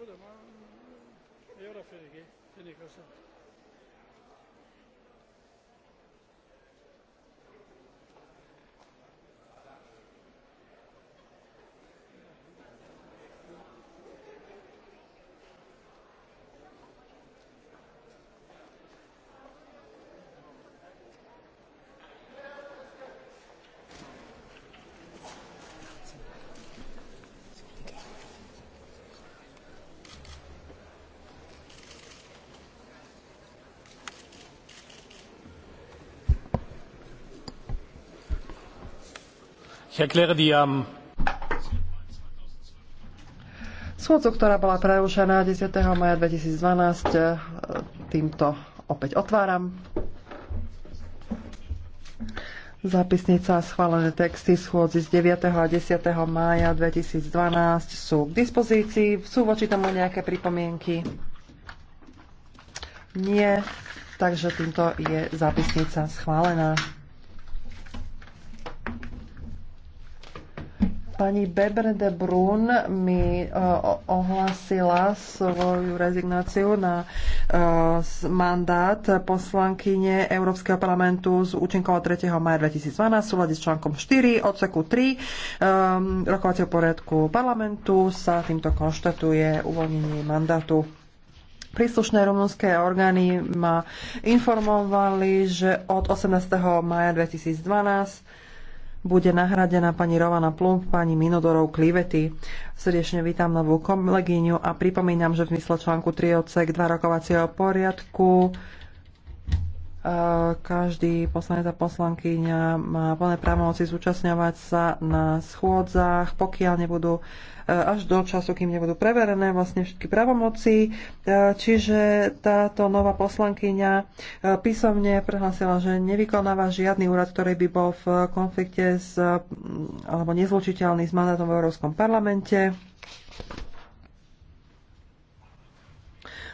Burada ma... E ora Fenike, Fenike sen. Schôdzu, ktorá bola prerušená 10. maja 2012, e, týmto opäť otváram. Zápisnica a schválené texty schôdzi z 9. a 10. mája 2012 sú k dispozícii. Sú voči tomu nejaké pripomienky? Nie. Takže týmto je zápisnica schválená. Pani Bebre de Brun mi e, ohlasila svoju rezignáciu na e, mandát poslankyne Európskeho parlamentu z účinkov 3. maja 2012 v súlade s článkom 4 odseku 3 ehm, rokovacieho poriadku parlamentu sa týmto konštatuje uvoľnenie mandátu. Príslušné rumunské orgány ma informovali, že od 18. maja 2012 bude nahradená pani Rovana Plump, pani Minodorov Klivety. Srdečne vítam novú kolegyňu a pripomínam, že v mysle článku 3 odsek 2 rokovacieho poriadku každý poslanec a poslankyňa má plné právomoci zúčastňovať sa na schôdzach, pokiaľ nebudú e, až do času, kým nebudú preverené vlastne všetky právomoci. E, čiže táto nová poslankyňa e, písomne prehlásila, že nevykonáva žiadny úrad, ktorý by bol v konflikte s, alebo nezlučiteľný s mandátom v Európskom parlamente.